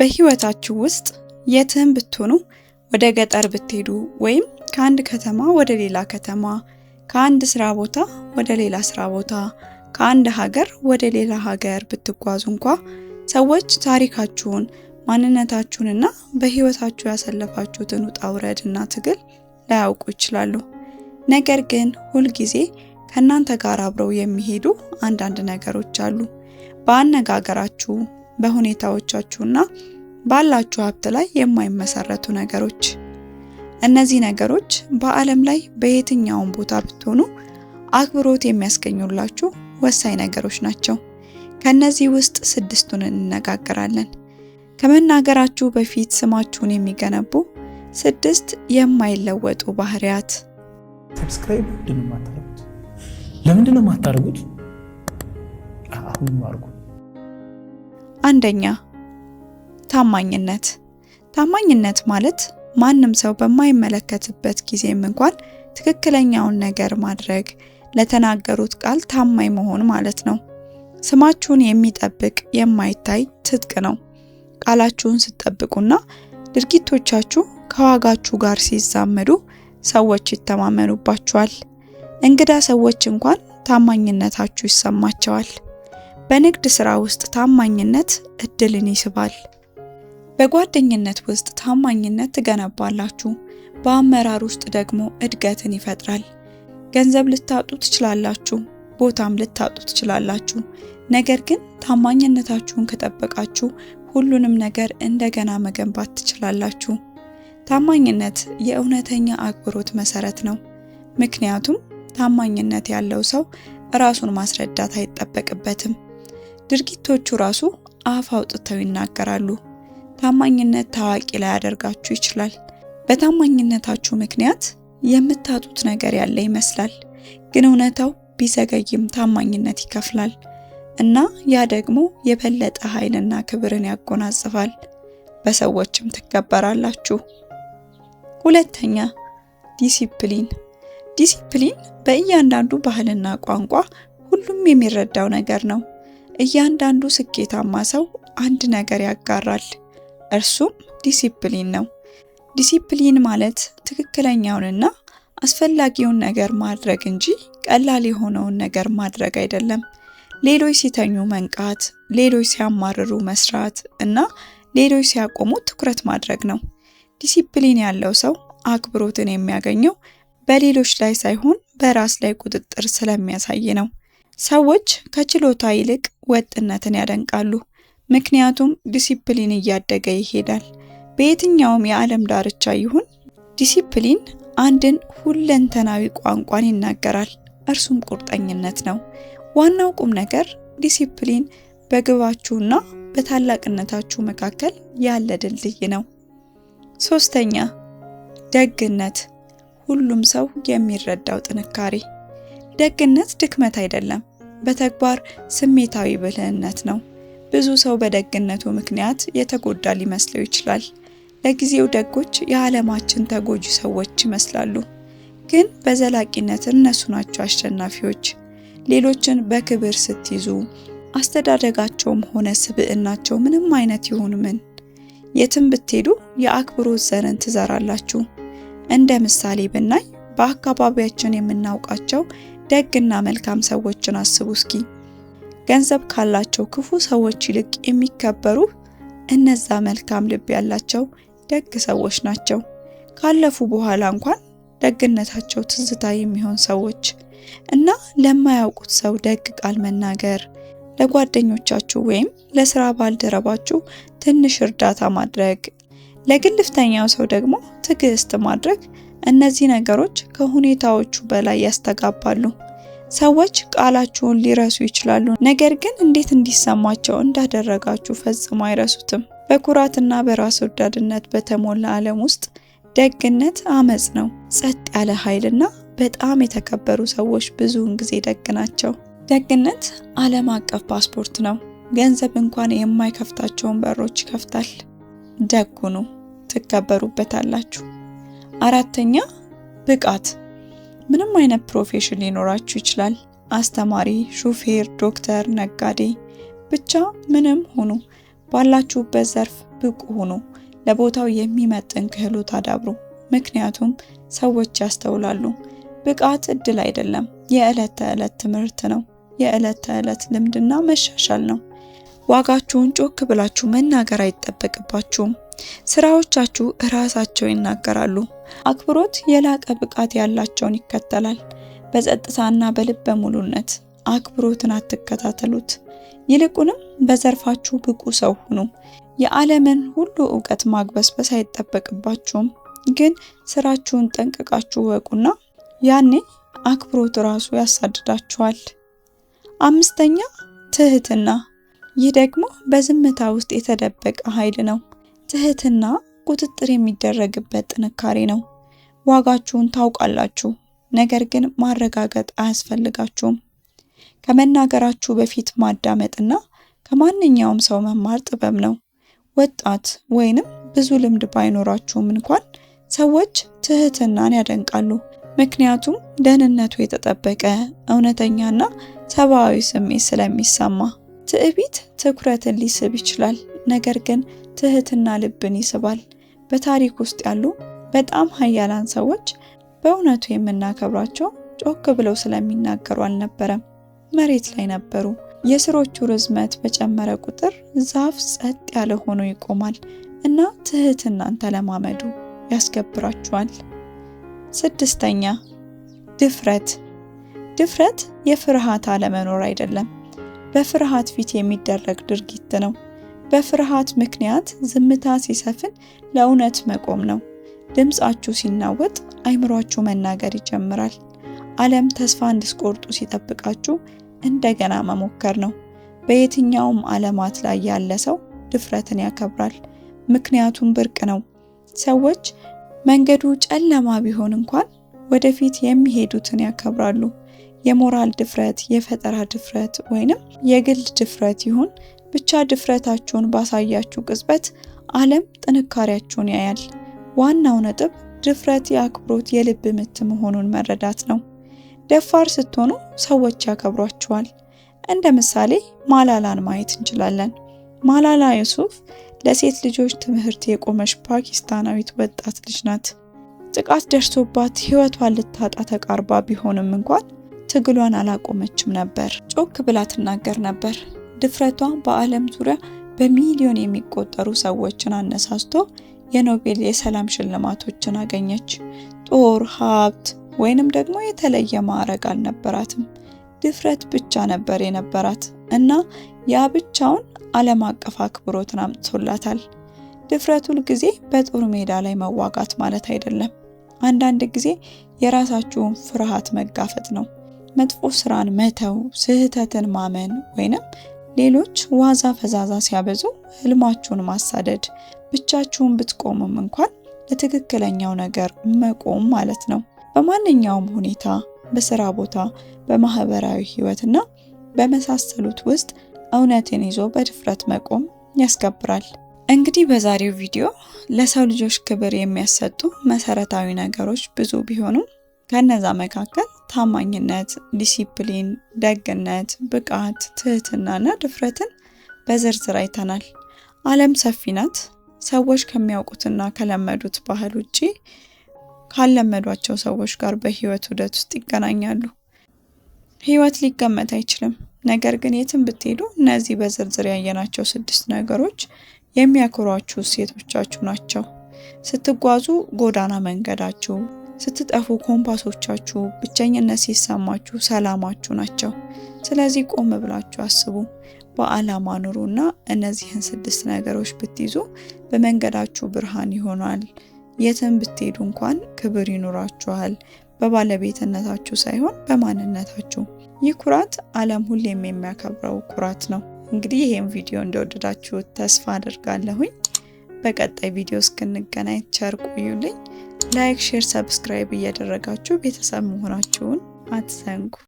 በህይወታችሁ ውስጥ የትም ብትሆኑ ወደ ገጠር ብትሄዱ ወይም ከአንድ ከተማ ወደ ሌላ ከተማ፣ ከአንድ ስራ ቦታ ወደ ሌላ ስራ ቦታ፣ ከአንድ ሀገር ወደ ሌላ ሀገር ብትጓዙ እንኳ ሰዎች ታሪካችሁን፣ ማንነታችሁንና በህይወታችሁ ያሳለፋችሁትን ውጣ እና ትግል ላያውቁ ይችላሉ። ነገር ግን ሁልጊዜ ከእናንተ ጋር አብረው የሚሄዱ አንዳንድ ነገሮች አሉ። በአነጋገራችሁ፣ በሁኔታዎቻችሁና ባላችሁ ሀብት ላይ የማይመሰረቱ ነገሮች። እነዚህ ነገሮች በዓለም ላይ በየትኛውም ቦታ ብትሆኑ አክብሮት የሚያስገኙላችሁ ወሳኝ ነገሮች ናቸው። ከነዚህ ውስጥ ስድስቱን እንነጋገራለን። ከመናገራችሁ በፊት ስማችሁን የሚገነቡ ስድስት የማይለወጡ ባህሪያት። ሰብስክራይብ ለምንድን ነው የማታደርጉት? አሁን አድርጉ። አንደኛ ታማኝነት። ታማኝነት ማለት ማንም ሰው በማይመለከትበት ጊዜም እንኳን ትክክለኛውን ነገር ማድረግ፣ ለተናገሩት ቃል ታማኝ መሆን ማለት ነው። ስማችሁን የሚጠብቅ የማይታይ ትጥቅ ነው። ቃላችሁን ስትጠብቁና ድርጊቶቻችሁ ከዋጋችሁ ጋር ሲዛመዱ ሰዎች ይተማመኑባችኋል። እንግዳ ሰዎች እንኳን ታማኝነታችሁ ይሰማቸዋል። በንግድ ሥራ ውስጥ ታማኝነት እድልን ይስባል። በጓደኝነት ውስጥ ታማኝነት ትገነባላችሁ። በአመራር ውስጥ ደግሞ እድገትን ይፈጥራል። ገንዘብ ልታጡ ትችላላችሁ፣ ቦታም ልታጡ ትችላላችሁ። ነገር ግን ታማኝነታችሁን ከጠበቃችሁ ሁሉንም ነገር እንደገና መገንባት ትችላላችሁ። ታማኝነት የእውነተኛ አክብሮት መሰረት ነው። ምክንያቱም ታማኝነት ያለው ሰው ራሱን ማስረዳት አይጠበቅበትም። ድርጊቶቹ ራሱ አፍ አውጥተው ይናገራሉ። ታማኝነት ታዋቂ ላይ ያደርጋችሁ ይችላል። በታማኝነታችሁ ምክንያት የምታጡት ነገር ያለ ይመስላል፣ ግን እውነታው ቢዘገይም ታማኝነት ይከፍላል እና ያ ደግሞ የበለጠ ኃይልና ክብርን ያጎናጽፋል። በሰዎችም ትከበራላችሁ። ሁለተኛ ዲሲፕሊን። ዲሲፕሊን በእያንዳንዱ ባህልና ቋንቋ ሁሉም የሚረዳው ነገር ነው። እያንዳንዱ ስኬታማ ሰው አንድ ነገር ያጋራል፣ እርሱም ዲሲፕሊን ነው። ዲሲፕሊን ማለት ትክክለኛውንና አስፈላጊውን ነገር ማድረግ እንጂ ቀላል የሆነውን ነገር ማድረግ አይደለም። ሌሎች ሲተኙ መንቃት፣ ሌሎች ሲያማርሩ መስራት እና ሌሎች ሲያቆሙ ትኩረት ማድረግ ነው። ዲሲፕሊን ያለው ሰው አክብሮትን የሚያገኘው በሌሎች ላይ ሳይሆን በራስ ላይ ቁጥጥር ስለሚያሳይ ነው። ሰዎች ከችሎታ ይልቅ ወጥነትን ያደንቃሉ፣ ምክንያቱም ዲሲፕሊን እያደገ ይሄዳል። በየትኛውም የዓለም ዳርቻ ይሁን ዲሲፕሊን አንድን ሁለንተናዊ ቋንቋን ይናገራል፣ እርሱም ቁርጠኝነት ነው። ዋናው ቁም ነገር ዲሲፕሊን በግባችሁና በታላቅነታችሁ መካከል ያለ ድልድይ ነው። ሶስተኛ ደግነት፣ ሁሉም ሰው የሚረዳው ጥንካሬ። ደግነት ድክመት አይደለም፣ በተግባር ስሜታዊ ብልህነት ነው። ብዙ ሰው በደግነቱ ምክንያት የተጎዳ ሊመስለው ይችላል። ለጊዜው ደጎች የዓለማችን ተጎጂ ሰዎች ይመስላሉ፣ ግን በዘላቂነት እነሱ ናቸው አሸናፊዎች። ሌሎችን በክብር ስትይዙ አስተዳደጋቸውም ሆነ ስብዕናቸው ምንም አይነት ይሁን ምን የትም ብትሄዱ የአክብሮት ዘርን ትዘራላችሁ። እንደ ምሳሌ ብናይ በአካባቢያችን የምናውቃቸው ደግና መልካም ሰዎችን አስቡ እስኪ። ገንዘብ ካላቸው ክፉ ሰዎች ይልቅ የሚከበሩ እነዛ መልካም ልብ ያላቸው ደግ ሰዎች ናቸው። ካለፉ በኋላ እንኳን ደግነታቸው ትዝታ የሚሆን ሰዎች እና ለማያውቁት ሰው ደግ ቃል መናገር፣ ለጓደኞቻችሁ ወይም ለስራ ባልደረባችሁ ትንሽ እርዳታ ማድረግ፣ ለግልፍተኛው ሰው ደግሞ ትዕግስት ማድረግ እነዚህ ነገሮች ከሁኔታዎቹ በላይ ያስተጋባሉ። ሰዎች ቃላችሁን ሊረሱ ይችላሉ፣ ነገር ግን እንዴት እንዲሰማቸው እንዳደረጋችሁ ፈጽሞ አይረሱትም። በኩራትና በራስ ወዳድነት በተሞላ ዓለም ውስጥ ደግነት አመጽ ነው። ጸጥ ያለ ኃይልና በጣም የተከበሩ ሰዎች ብዙውን ጊዜ ደግ ናቸው። ደግነት ዓለም አቀፍ ፓስፖርት ነው። ገንዘብ እንኳን የማይከፍታቸውን በሮች ይከፍታል። ደግ ሁኑ፣ ትከበሩበታላችሁ። አራተኛ ብቃት ምንም አይነት ፕሮፌሽን ሊኖራችሁ ይችላል። አስተማሪ፣ ሹፌር፣ ዶክተር፣ ነጋዴ፣ ብቻ ምንም ሁኑ፣ ባላችሁበት ዘርፍ ብቁ ሁኑ። ለቦታው የሚመጥን ክህሎት አዳብሩ፣ ምክንያቱም ሰዎች ያስተውላሉ። ብቃት እድል አይደለም፣ የዕለት ተዕለት ትምህርት ነው። የዕለት ተዕለት ልምድና መሻሻል ነው። ዋጋችሁን ጮክ ብላችሁ መናገር አይጠበቅባችሁም። ስራዎቻችሁ ራሳቸው ይናገራሉ። አክብሮት የላቀ ብቃት ያላቸውን ይከተላል። በጸጥታና በልበ ሙሉነት አክብሮትን አትከታተሉት። ይልቁንም በዘርፋችሁ ብቁ ሰው ሁኑ። የዓለምን ሁሉ እውቀት ማግበስበስ አይጠበቅባችሁም፣ ግን ስራችሁን ጠንቅቃችሁ ወቁና ያኔ አክብሮት ራሱ ያሳድዳችኋል። አምስተኛ ትህትና። ይህ ደግሞ በዝምታ ውስጥ የተደበቀ ኃይል ነው። ትህትና ቁጥጥር የሚደረግበት ጥንካሬ ነው። ዋጋችሁን ታውቃላችሁ፣ ነገር ግን ማረጋገጥ አያስፈልጋችሁም። ከመናገራችሁ በፊት ማዳመጥና ከማንኛውም ሰው መማር ጥበብ ነው። ወጣት ወይንም ብዙ ልምድ ባይኖራችሁም እንኳን ሰዎች ትህትናን ያደንቃሉ፣ ምክንያቱም ደህንነቱ የተጠበቀ እውነተኛና ሰብአዊ ስሜት ስለሚሰማ። ትዕቢት ትኩረትን ሊስብ ይችላል፣ ነገር ግን ትህትና ልብን ይስባል። በታሪክ ውስጥ ያሉ በጣም ኃያላን ሰዎች በእውነቱ የምናከብራቸው ጮክ ብለው ስለሚናገሩ አልነበረም፣ መሬት ላይ ነበሩ። የስሮቹ ርዝመት በጨመረ ቁጥር ዛፍ ጸጥ ያለ ሆኖ ይቆማል እና ትህትናን ተለማመዱ፣ ያስከብራችኋል። ስድስተኛ ድፍረት። ድፍረት የፍርሃት አለመኖር አይደለም፣ በፍርሃት ፊት የሚደረግ ድርጊት ነው። በፍርሃት ምክንያት ዝምታ ሲሰፍን ለእውነት መቆም ነው። ድምፃችሁ ሲናወጥ አይምሯችሁ መናገር ይጀምራል። ዓለም ተስፋ እንድስቆርጡ ሲጠብቃችሁ እንደገና መሞከር ነው። በየትኛውም ዓለማት ላይ ያለ ሰው ድፍረትን ያከብራል፣ ምክንያቱም ብርቅ ነው። ሰዎች መንገዱ ጨለማ ቢሆን እንኳን ወደፊት የሚሄዱትን ያከብራሉ። የሞራል ድፍረት፣ የፈጠራ ድፍረት ወይንም የግል ድፍረት ይሁን ብቻ ድፍረታችሁን ባሳያችሁ ቅጽበት ዓለም ጥንካሬያችሁን ያያል። ዋናው ነጥብ ድፍረት የአክብሮት የልብ ምት መሆኑን መረዳት ነው። ደፋር ስትሆኑ ሰዎች ያከብሯችኋል። እንደ ምሳሌ ማላላን ማየት እንችላለን። ማላላ ዩሱፍ ለሴት ልጆች ትምህርት የቆመች ፓኪስታናዊት ወጣት ልጅ ናት። ጥቃት ደርሶባት ሕይወቷን ልታጣ ተቃርባ ቢሆንም እንኳን ትግሏን አላቆመችም ነበር። ጮክ ብላ ትናገር ነበር። ድፍረቷ በዓለም ዙሪያ በሚሊዮን የሚቆጠሩ ሰዎችን አነሳስቶ የኖቤል የሰላም ሽልማቶችን አገኘች። ጦር፣ ሀብት ወይንም ደግሞ የተለየ ማዕረግ አልነበራትም። ድፍረት ብቻ ነበር የነበራት እና ያ ብቻውን ዓለም አቀፍ አክብሮትን አምጥቶላታል። ድፍረት ሁል ጊዜ በጦር ሜዳ ላይ መዋጋት ማለት አይደለም። አንዳንድ ጊዜ የራሳችሁን ፍርሃት መጋፈጥ ነው። መጥፎ ስራን መተው፣ ስህተትን ማመን ወይንም ሌሎች ዋዛ ፈዛዛ ሲያበዙ ህልማችሁን ማሳደድ፣ ብቻችሁን ብትቆሙም እንኳን ለትክክለኛው ነገር መቆም ማለት ነው። በማንኛውም ሁኔታ በስራ ቦታ፣ በማህበራዊ ህይወትና በመሳሰሉት ውስጥ እውነትን ይዞ በድፍረት መቆም ያስከብራል። እንግዲህ በዛሬው ቪዲዮ ለሰው ልጆች ክብር የሚያሰጡ መሰረታዊ ነገሮች ብዙ ቢሆኑም ከነዛ መካከል ታማኝነት፣ ዲሲፕሊን፣ ደግነት፣ ብቃት፣ ትህትናና ድፍረትን በዝርዝር አይተናል። ዓለም ሰፊ ናት። ሰዎች ከሚያውቁትና ከለመዱት ባህል ውጪ ካለመዷቸው ሰዎች ጋር በህይወት ውደት ውስጥ ይገናኛሉ። ህይወት ሊገመት አይችልም። ነገር ግን የትም ብትሄዱ እነዚህ በዝርዝር ያየናቸው ስድስት ነገሮች የሚያኮሯችሁ እሴቶቻችሁ ናቸው። ስትጓዙ ጎዳና መንገዳችሁ ስትጠፉ ኮምፓሶቻችሁ ብቸኝነት ሲሰማችሁ ሰላማችሁ ናቸው። ስለዚህ ቆም ብላችሁ አስቡ፣ በዓላማ ኑሩ እና እነዚህን ስድስት ነገሮች ብትይዙ በመንገዳችሁ ብርሃን ይሆናል። የትም ብትሄዱ እንኳን ክብር ይኖራችኋል፣ በባለቤትነታችሁ ሳይሆን በማንነታችሁ። ይህ ኩራት ዓለም ሁሌም የሚያከብረው ኩራት ነው። እንግዲህ ይህም ቪዲዮ እንደወደዳችሁ ተስፋ አድርጋለሁኝ። በቀጣይ ቪዲዮ እስክንገናኝ ቸር ቆዩልኝ። ላይክ፣ ሼር፣ ሰብስክራይብ እያደረጋችሁ ቤተሰብ መሆናችሁን አትዘንጉ።